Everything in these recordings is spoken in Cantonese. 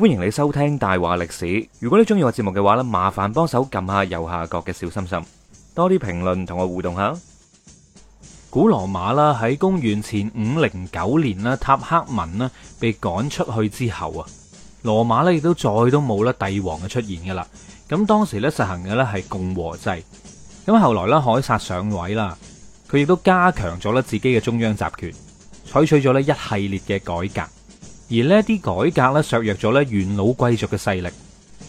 歡迎你收聽大話歷史。如果你中意我節目嘅話咧，麻煩幫手撳下右下角嘅小心心，多啲評論同我互動下。古羅馬啦，喺公元前五零九年啦，塔克文啦被趕出去之後啊，羅馬咧亦都再都冇啦帝王嘅出現噶啦。咁當時咧實行嘅咧係共和制。咁後來咧凱撒上位啦，佢亦都加強咗咧自己嘅中央集權，採取咗咧一系列嘅改革。而呢啲改革咧削弱咗咧元老貴族嘅勢力，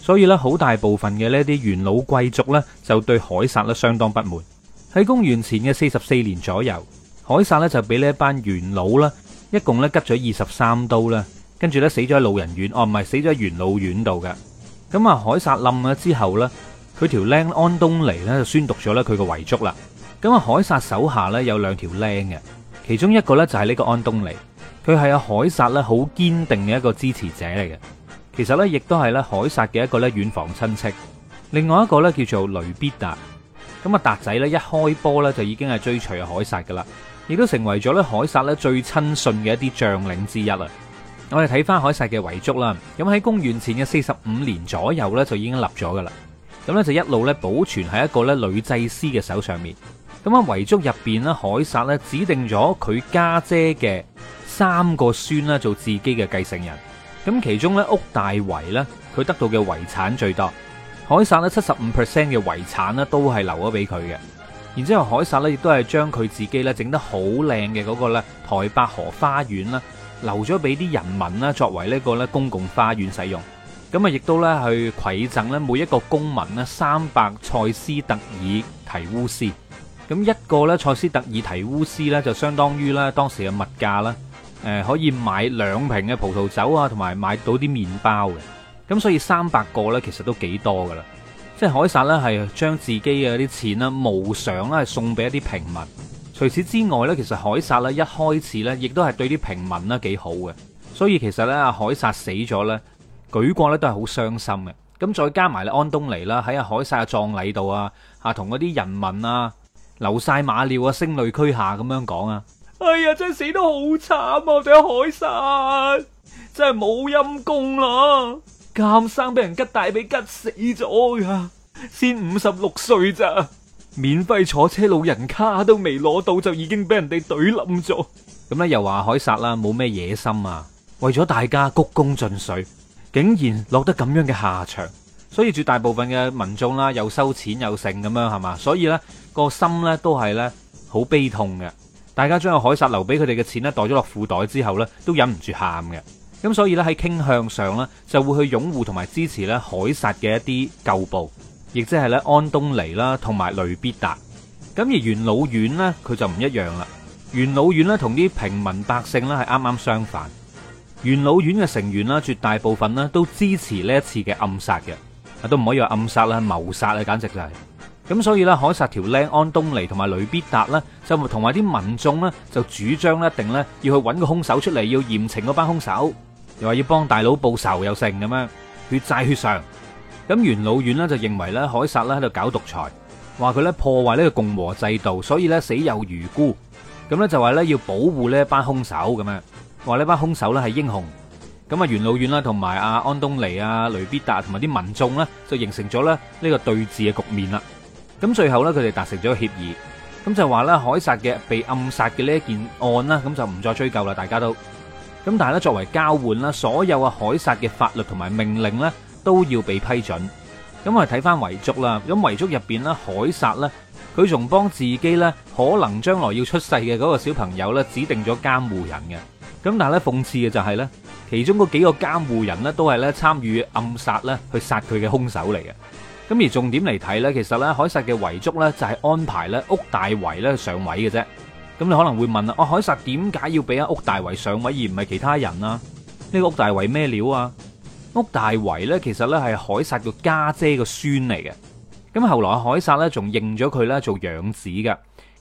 所以咧好大部分嘅呢啲元老貴族呢就對凱撒呢相當不滿。喺公元前嘅四十四年左右，凱撒呢就俾呢一班元老啦，一共咧拮咗二十三刀啦，跟住咧死咗喺老人院，哦，唔係死咗喺元老院度嘅。咁啊，凱撒冧咗之後呢，佢條靚安東尼呢就宣讀咗咧佢嘅遺囑啦。咁啊，凱撒手下呢有兩條靚嘅，其中一個呢就係呢個安東尼。佢係阿凱撒咧，好堅定嘅一個支持者嚟嘅。其實咧，亦都係咧凱撒嘅一個咧遠房親戚。另外一個咧叫做雷必達。咁啊，達仔咧一開波咧就已經係追隨阿凱撒噶啦，亦都成為咗咧凱撒咧最親信嘅一啲將領之一啦。我哋睇翻凱撒嘅遺囑啦，咁喺公元前嘅四十五年左右咧就已經立咗噶啦。咁咧就一路咧保存喺一個咧女祭司嘅手上面。咁啊，遺囑入邊咧，凱撒咧指定咗佢家姐嘅三個孫啦，做自己嘅繼承人。咁其中咧，屋大維咧，佢得到嘅遺產最多。凱撒咧，七十五 percent 嘅遺產咧，都係留咗俾佢嘅。然之後，凱撒咧，亦都係將佢自己咧整得好靚嘅嗰個咧台伯河花園啦，留咗俾啲人民啦，作為呢個咧公共花園使用。咁啊，亦都咧去饋贈呢每一個公民咧三百塞斯特爾提烏斯。咁一個咧塞斯特爾提烏斯呢，就相當於咧當時嘅物價啦。誒、呃、可以買兩瓶嘅葡萄酒啊，同埋買到啲麵包嘅，咁所以三百個呢，其實都幾多噶啦。即係凱撒呢，係將自己嘅啲錢呢無償啦，係送俾一啲平民。除此之外呢，其實凱撒呢，一開始呢，亦都係對啲平民呢幾好嘅。所以其實呢，阿凱撒死咗呢，舉國呢，都係好傷心嘅。咁再加埋咧，安東尼啦喺阿凱撒嘅葬禮度啊，啊同嗰啲人民啊流晒馬尿啊，聲淚俱下咁樣講啊。哎呀，真係死得好慘啊！我哋凱撒真係冇陰功啦，監生俾人拮大髀，拮死咗呀！先五十六歲咋，免費坐車老人卡都未攞到，就已經俾人哋懟冧咗。咁咧又話凱撒啦，冇咩野心啊，為咗大家鞠躬盡瘁，竟然落得咁樣嘅下場。所以絕大部分嘅民眾啦，又收錢又剩咁樣係嘛，所以呢個心呢，都係呢好悲痛嘅。大家將凱撒留俾佢哋嘅錢呢，袋咗落褲袋之後呢，都忍唔住喊嘅。咁所以咧喺傾向上呢，就會去擁護同埋支持咧凱撒嘅一啲舊部，亦即係咧安東尼啦同埋雷必達。咁而元老院呢，佢就唔一樣啦。元老院呢，同啲平民百姓呢係啱啱相反。元老院嘅成員啦，絕大部分呢都支持呢一次嘅暗殺嘅，啊都唔可以話暗殺啦，謀殺啊，簡直就係。咁所以咧，凱撒條靚，安東尼同埋雷必達啦，就同埋啲民眾咧，就主張咧，一定咧要去揾個兇手出嚟，要嚴懲嗰班兇手，又話要幫大佬報仇又成咁樣，血債血償。咁元老院咧就認為咧，凱撒咧喺度搞獨裁，話佢咧破壞呢個共和制度，所以咧死有餘辜。咁咧就話咧要保護呢一班兇手咁樣，話呢班兇手咧係英雄。咁啊，元老院啦，同埋阿安東尼啊、雷必達同埋啲民眾咧，就形成咗咧呢個對峙嘅局面啦。咁最後咧，佢哋達成咗個協議，咁就話咧凱撒嘅被暗殺嘅呢一件案啦，咁就唔再追究啦，大家都。咁但係咧，作為交換啦，所有啊凱撒嘅法律同埋命令咧都要被批准。咁我哋睇翻遺囑啦，咁遺囑入邊咧，凱撒咧，佢仲幫自己咧可能將來要出世嘅嗰個小朋友咧指定咗監護人嘅。咁但係咧，諷刺嘅就係咧，其中嗰幾個監護人咧都係咧參與暗殺咧去殺佢嘅兇手嚟嘅。咁而重點嚟睇咧，其實咧，凱撒嘅遺囑咧就係安排咧屋大維咧上位嘅啫。咁你可能會問啦，阿凱撒點解要俾阿屋大維上位而唔係其他人啊？呢個屋大維咩料啊？屋大維咧其實咧係凱撒嘅家姐個孫嚟嘅。咁後來阿凱撒咧仲認咗佢咧做養子噶。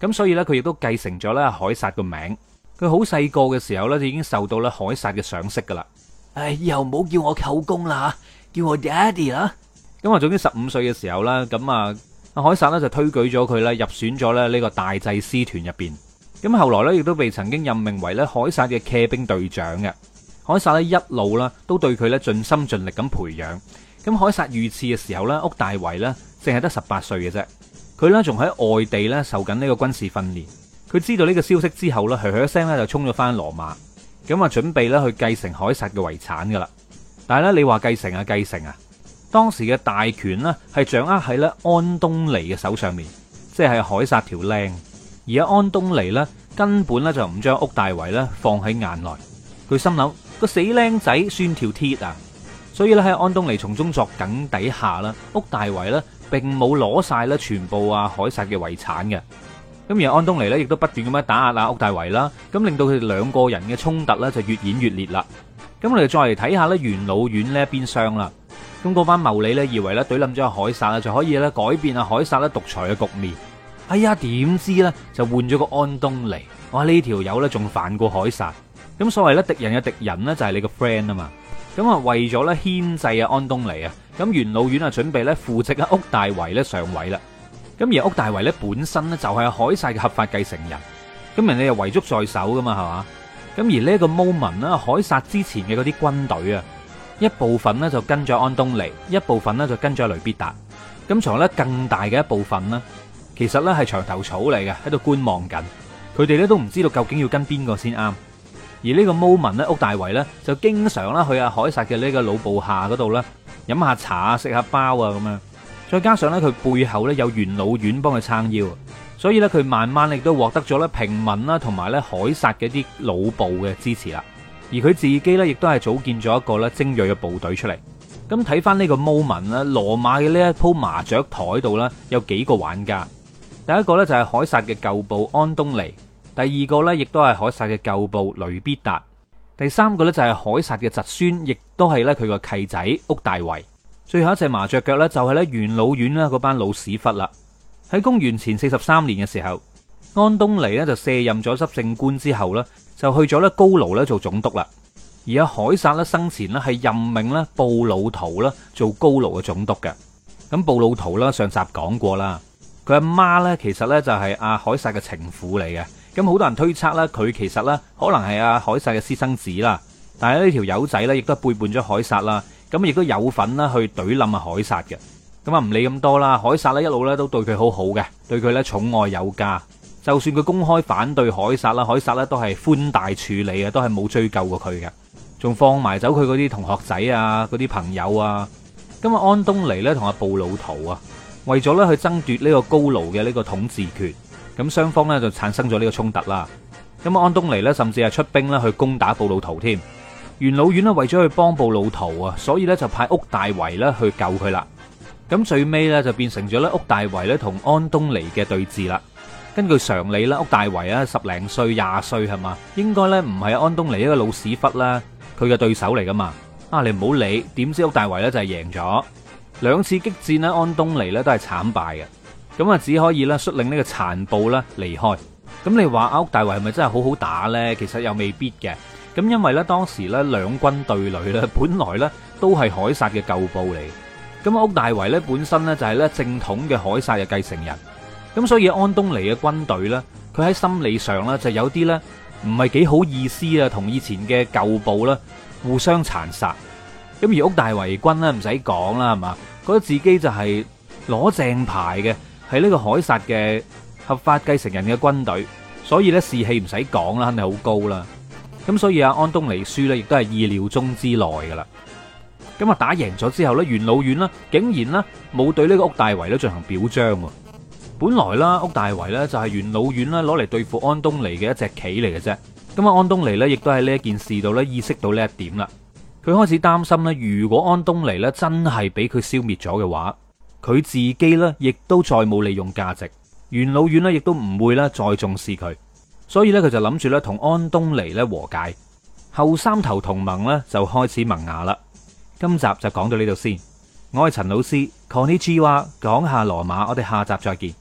咁所以咧佢亦都繼承咗咧凱撒個名。佢好細個嘅時候咧就已經受到咧凱撒嘅賞識噶啦。誒，以後唔好叫我舅公啦，叫我爹哋啦。咁啊，總之十五歲嘅時候啦，咁啊，阿凱撒呢就推舉咗佢咧，入選咗咧呢個大祭司團入邊。咁後來呢，亦都被曾經任命為咧凱撒嘅騎兵隊長嘅。凱撒呢一路啦，都對佢呢盡心盡力咁培養。咁凱撒遇刺嘅時候呢，屋大維呢淨係得十八歲嘅啫。佢呢仲喺外地呢受緊呢個軍事訓練。佢知道呢個消息之後呢，噓一聲呢就衝咗翻羅馬，咁啊準備呢去繼承凱撒嘅遺產噶啦。但係咧你話繼承啊，繼承啊！當時嘅大權咧，係掌握喺咧安東尼嘅手上面，即係凱撒條靚。而阿安東尼咧，根本咧就唔將屋大維咧放喺眼內。佢心諗個死靚仔算條鐵啊！所以咧喺安東尼從中作梗底下啦，屋大維咧並冇攞晒咧全部啊凱撒嘅遺產嘅。咁而安東尼咧，亦都不斷咁樣打壓啊屋大維啦，咁令到佢哋兩個人嘅衝突咧就越演越烈啦。咁我哋再嚟睇下咧元老院呢一邊廂啦。咁嗰班牟利呢，以為呢懟冧咗海呢就可以咧改變海撒咧獨裁嘅局面。哎呀，點知呢？就換咗個安東尼，哇呢條友呢，仲、這個、反過海撒咁所謂呢，敵人嘅敵人呢，就係、是、你個 friend 啊嘛。咁啊為咗呢牽制啊安東尼啊，咁元老院啊準備呢，扶植阿屋大圍呢上位啦。咁而屋大圍呢，本身呢，就係、是、海撒嘅合法繼承人。咁人哋又遺囑在手噶嘛，係嘛？咁而呢一 e n t 呢，海薩之前嘅嗰啲軍隊啊。一部分就跟咗安東尼，一部分就跟咗雷必達，咁仲有咧，更大嘅一部分呢，其實呢係牆頭草嚟嘅，喺度觀望緊，佢哋都唔知道究竟要跟邊個先啱。而呢個 moment 呢，屋大維呢就經常咧去阿凱撒嘅呢個老部下嗰度呢飲下茶啊，食下包啊咁樣，再加上呢，佢背後呢有元老院幫佢撐腰，所以呢，佢慢慢亦都獲得咗呢平民啦，同埋呢凱撒嘅啲老部嘅支持啦。而佢自己咧，亦都係組建咗一個咧精銳嘅部隊出嚟。咁睇翻呢個 moment，羅馬嘅呢一鋪麻雀台度呢，有幾個玩家。第一個呢，就係凱撒嘅舊部安東尼，第二個呢，亦都係凱撒嘅舊部雷必達，第三個呢，就係凱撒嘅侄孫，亦都係呢佢個契仔屋大維。最後一隻麻雀腳呢，就係呢元老院呢嗰班老屎忽啦。喺公元前四十三年嘅時候，安東尼呢就卸任咗執政官之後呢。就去咗咧高盧咧做總督啦，而阿凱撒咧生前咧係任命咧布魯圖咧做高盧嘅總督嘅。咁布魯圖啦，上集講過啦，佢阿媽咧其實咧就係阿凱撒嘅情婦嚟嘅。咁好多人推測咧，佢其實咧可能係阿凱撒嘅私生子啦。但係呢條友仔咧亦都背叛咗凱撒啦，咁亦都有份啦去懟冧阿凱撒嘅。咁啊唔理咁多啦，凱撒咧一路咧都對佢好好嘅，對佢咧寵愛有加。就算佢公開反對凱撒啦，凱撒咧都係寬大處理嘅，都係冇追究過佢嘅，仲放埋走佢嗰啲同學仔啊，嗰啲朋友啊。咁啊，安東尼咧同阿布魯圖啊，為咗咧去爭奪呢個高盧嘅呢個統治權，咁雙方咧就產生咗呢個衝突啦。咁啊，安東尼呢，甚至係出兵咧去攻打布魯圖添。元老院呢，為咗去幫布魯圖啊，所以咧就派屋大維咧去救佢啦。咁最尾咧就變成咗咧屋大維咧同安東尼嘅對峙啦。根據常理啦，屋大維啊，十零歲廿歲係嘛，應該咧唔係安東尼一個老屎忽啦，佢嘅對手嚟㗎嘛。啊，你唔好理，點知屋大維咧就係贏咗兩次激戰咧，安東尼咧都係慘敗嘅，咁啊只可以咧率領呢個殘部咧離開。咁你話啊屋大維係咪真係好好打呢？其實又未必嘅。咁因為咧當時咧兩軍對壘咧，本來咧都係凱撒嘅舊部嚟。咁屋大維咧本身咧就係咧正統嘅凱撒嘅繼承人。咁所以安東尼嘅軍隊咧，佢喺心理上咧就有啲咧唔係幾好意思啊，同以前嘅舊部啦互相殘殺。咁而屋大維軍咧唔使講啦，係咪？覺得自己就係攞正牌嘅，係呢個凱撒嘅合法繼承人嘅軍隊，所以咧士氣唔使講啦，肯定好高啦。咁所以阿安東尼輸咧，亦都係意料中之內噶啦。咁啊打贏咗之後咧，元老院啦竟然咧冇對呢個屋大維咧進行表彰。本來啦，屋大維咧就係元老院咧攞嚟對付安東尼嘅一隻棋嚟嘅啫。咁啊，安東尼咧亦都喺呢一件事度咧，意識到呢一點啦。佢開始擔心咧，如果安東尼咧真係俾佢消滅咗嘅話，佢自己咧亦都再冇利用價值，元老院咧亦都唔會咧再重視佢，所以咧佢就諗住咧同安東尼咧和解。後三頭同盟咧就開始萌芽啦。今集就講到呢度先，我係陳老師 c a l l i G 話講下羅馬，我哋下集再見。